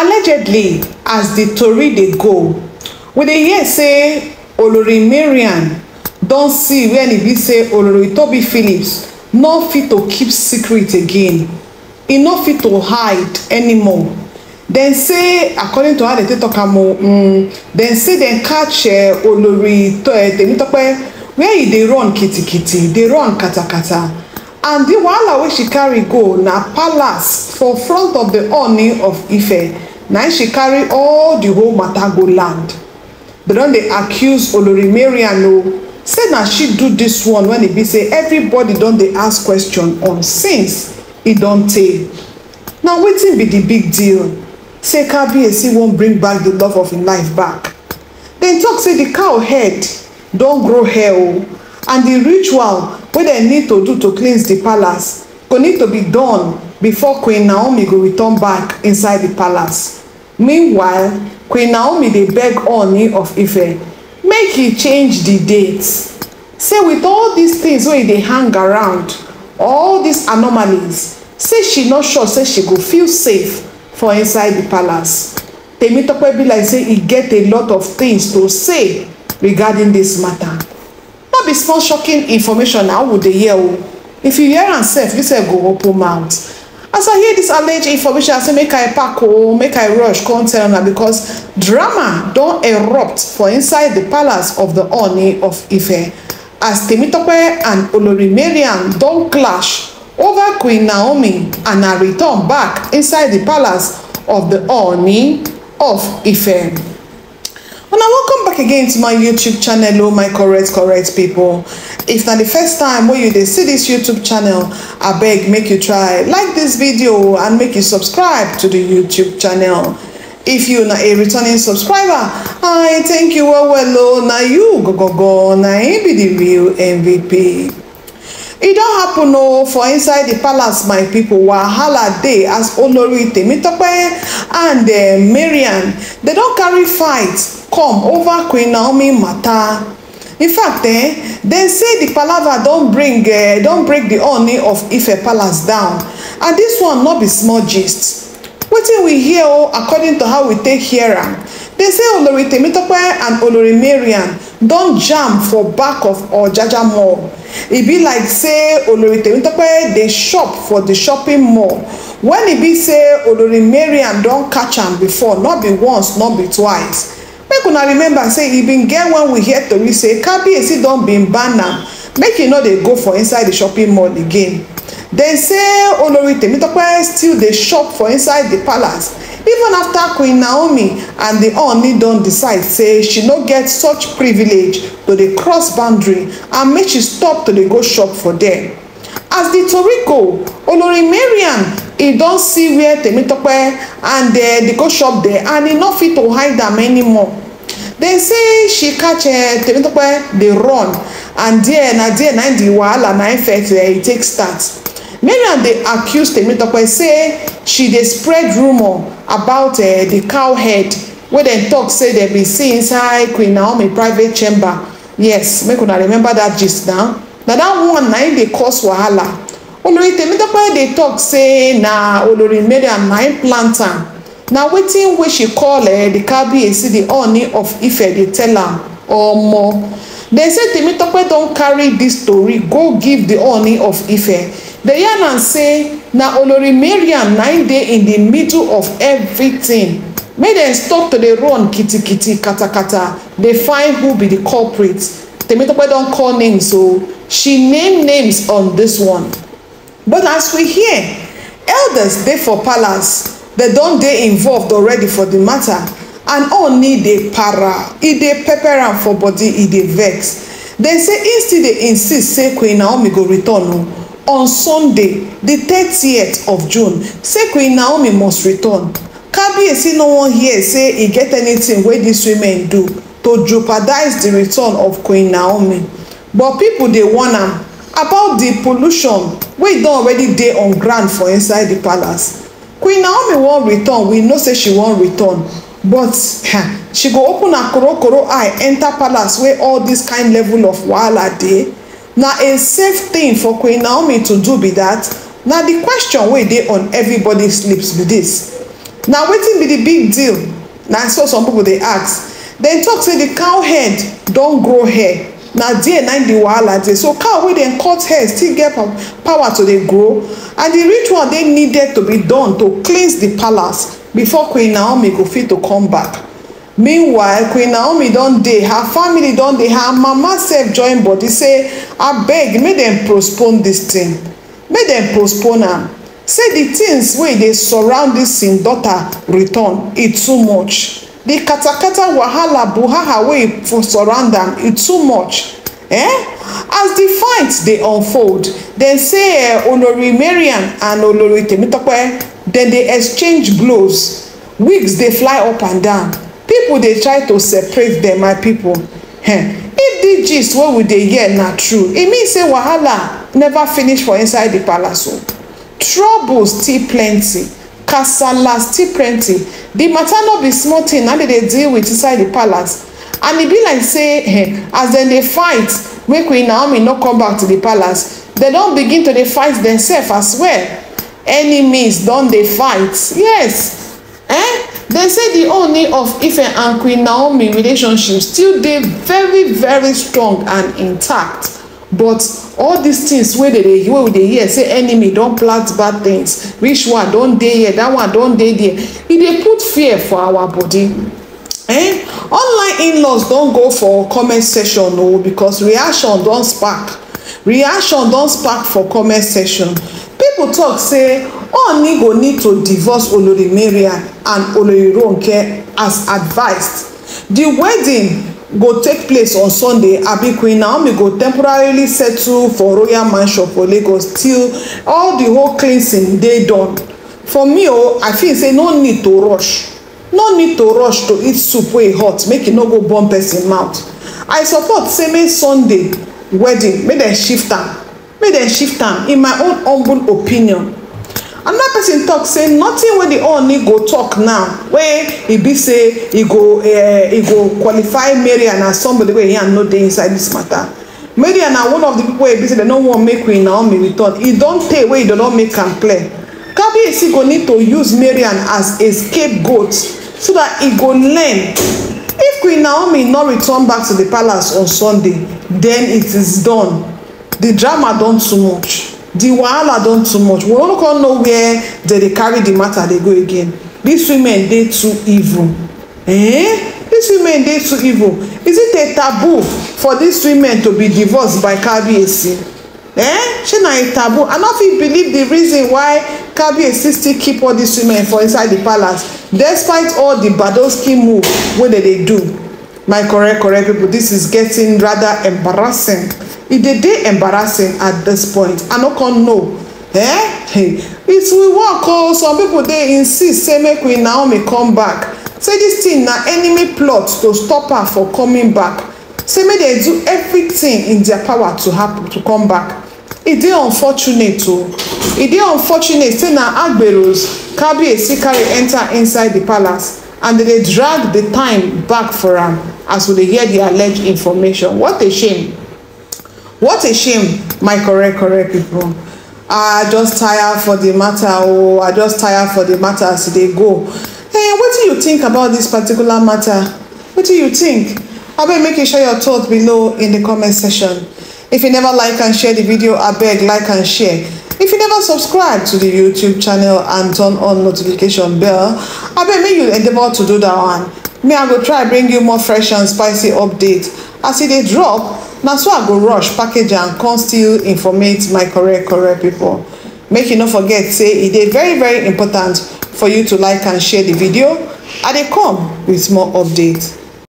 allegedly as the tori dey go we dey hear say olori Marian? don see wen e be say olori toby phillips no fit to keep secret again e no fit to hide anymore dem say according to how dem take talk am o mm, dem say dem catch eh, olori eh, temitope where e dey run kitikiti dey run katakata and the wahala wey she carry go na palace for front of the honey of ife na she carry all the whole mata go land dem don dey accuse olorimarian o say na she do this one when e be say everybody don dey ask question on since e don tey now wetin be the big deal say kabiyesi wan bring back the love of im life back dem talk say the cow head don grow hair o and the ritual wey dem need to do to cleanse di palace go need to be done before queen naomi go return back inside di palace meanwhile queen naomi dey beg oni of ife make he change di date say with all dis things wey dey hang around all dis anomalies say she no sure say she go feel safe for inside di palace temitope be like say e get a lot of things to say regarding dis matter be small shocking information how would they hear o oh? if you hear am sef you sef go open mouth as i hear dis alleged information i say make i pack o oh, make i rush come tell una because drama don erupt for inside the palace of the Ooni of Ife as Temitope and Olori Mariam don clash over Queen Naomi and her return back inside the palace of the Ooni of Ife and i welcome back again to my youtube channel o oh my correct correct people. if na the first time where you they see this youtube channel I beg make you try like this video and make you subscribe to the youtube channel if you're not a returning subscriber i thank you well well o oh. na you go go go now im be di real mvp e don happen o oh, for inside the palace my people wahala dey as olori temitope and eh, marian dem don carry fight come over queen naomi mata in fact eh, dem say di palava don bring eh, break di honey of ife palace down and dis one no be small gist wetin we hear o oh, according to how we take hear am dem say olori temitope and olori marian don jam for back of ojaja mall e be like say olori temitope dey shop for the shopping mall When e be say olori mariam don catch am before not be once not be twice make una remember say e bin get wen we hear tori say kabiyesi don bin ban am make e no dey go for inside the shopping mall again dem say olori temitope still dey shop for inside the palace even after queen naomi and the oni don decide say she no get such privilege to dey cross boundary and make she stop to dey go shop for there as the tori go olori Marian, e don see wia temitope and dem dey go shop there and e no fit to hide am anymore dem say she catch eh, temitope dey run and there na there na di wahala na first eh, e take start mariam dey accuse temitope say she dey spread rumour about uh, eh, di cow head wey dem talk, say dem bin see inside queen naomi private chamber yes make una remember that gist now na that one na im dey cause wahala olori temitope dey talk say na olori mariam na im plant am na wetin wey she call uh, eh, di kabiyesi the honey of ife dey tell am omo dem say temitope don carry dis tori go give the honey of ife They yarn am say na olori mariam na im dey in di middle of everything make dem stop to dey run kitikiti katakata dey find who be di culprit temitope don call names o she name names on dis one but as we hear elders dey for palace dem don dey involved already for di matter and oni dey para e dey pepper am for body e dey vex dem say e still dey insist say queen naomi go return o on sunday di 30th of june say queen naomi must return kabiyesi no wan hear say e get anytin wey dis women do to jeopardize di return of queen naomi but pipo dey warn am about di pollution wey don already dey on ground for inside di palace queen naomi wan return we know say she wan return but she go open her korokoro eye enter palace wey all dis kain level of wahala dey na a safe thing for queen naomi to do be that. na the question wey dey on everybody lips be this. na wetin be the big deal na so some people dey ask dem talk say the cow head don grow hair na there na di wahala dey so cow wey dem cut hair still get power to dey grow and the ritual dey needed to be done to cleanse the palace before queen naomi go fit to come back meanwhile queen naomi don dey her family don dey her mama sef join body say abeg make dem postpone dis thing make dem postpone am say di tins wey dey surround dis im daughter return e too much di katakata wahala buhaha wey for surround am e too much eh as di fight dey unfold dem say eh, olori mariam and olori temitope dem dey exchange blows wigs dey fly up and down people dey try to separate dem my people if dis gist wey we dey hear na true e mean say wahala never finish for inside di palace o oh. trouble still plenty kasala still plenty di matter no be small thing na dem dey deal with inside di palace and e be like say eh, as dem dey fight make queen naomi no come back to di palace dem don begin to dey fight demsef as well enemies don dey fight yes eh dem say di honey of ife and queen naomi relationship still dey very very strong and intact but all dis tins wey we dey hear say enemy don plant bad tins which one don dey here dat one don dey there e dey put fear for our body eh online in-laws don go for comment section o oh, because reaction don spark reaction don spark for comment section People talk say oni go need to divorce olori Maria and olori ronke as advised The wedding go take place on sunday abi queen naomi go temporarily settle for royal mansion for lagos till all the whole cleansing dey done for me oh, i feel say no need to rush no need to rush to eat soup wey e hot make e no go burn person mouth i support say make sunday wedding make dem shift am make dem shift am in my own humble opinion another person talk say nothing wey the honey go talk now wey e be say e go eh, e go qualify marian as somebody wey yan no dey inside this matter marian na one of the people wey e be say dem no wan make queen naomi return e don tey wey e don don make am clear kabiyesi go need to use marian as a scapegoat so that e go learn if queen naomi no return back to the palace on sunday then it is done the drama don too much the wahala don too much we no come know where they dey carry the matter dey go again these women dey too evil eh these women dey too evil is it a taboo for these women to be divorced by kabiyesi eh shey na a taboo i no fit believe the reason why kabiyesi still keep all these women for inside the palace despite all the badoski move wey dem dey do my correct correct people this is getting rather embarrassing e dey dey embarrassing at this point i no come know eh it will work oh some people dey insist say make queen naomi come back say this thing na enemy plot to stop her for coming back say make dem do everything in their power to happen to come back e dey unfortunate o e dey unfortunate say na agberos kabiyesi carry enter inside the palace and they dey drag the time back for am as we dey hear the alleged information what a shame what a shame my correct correct people ah, i just tire for the matter oh i just tire for the matter as e dey go hey eh, wetin you think about this particular matter wetin you think abeg make you share your thoughts below in the comment section if you never like and share the video abeg like and share if you never subscribe to the youtube channel and turn on notification bell I bet me you endeavor to do that one me i go try bring you more fresh and spicy updates as it e dey drop Now so i go rush package and come still informate my correct correct people. make you not forget say it e dey very very important for you to like and share the video And dey come with more updates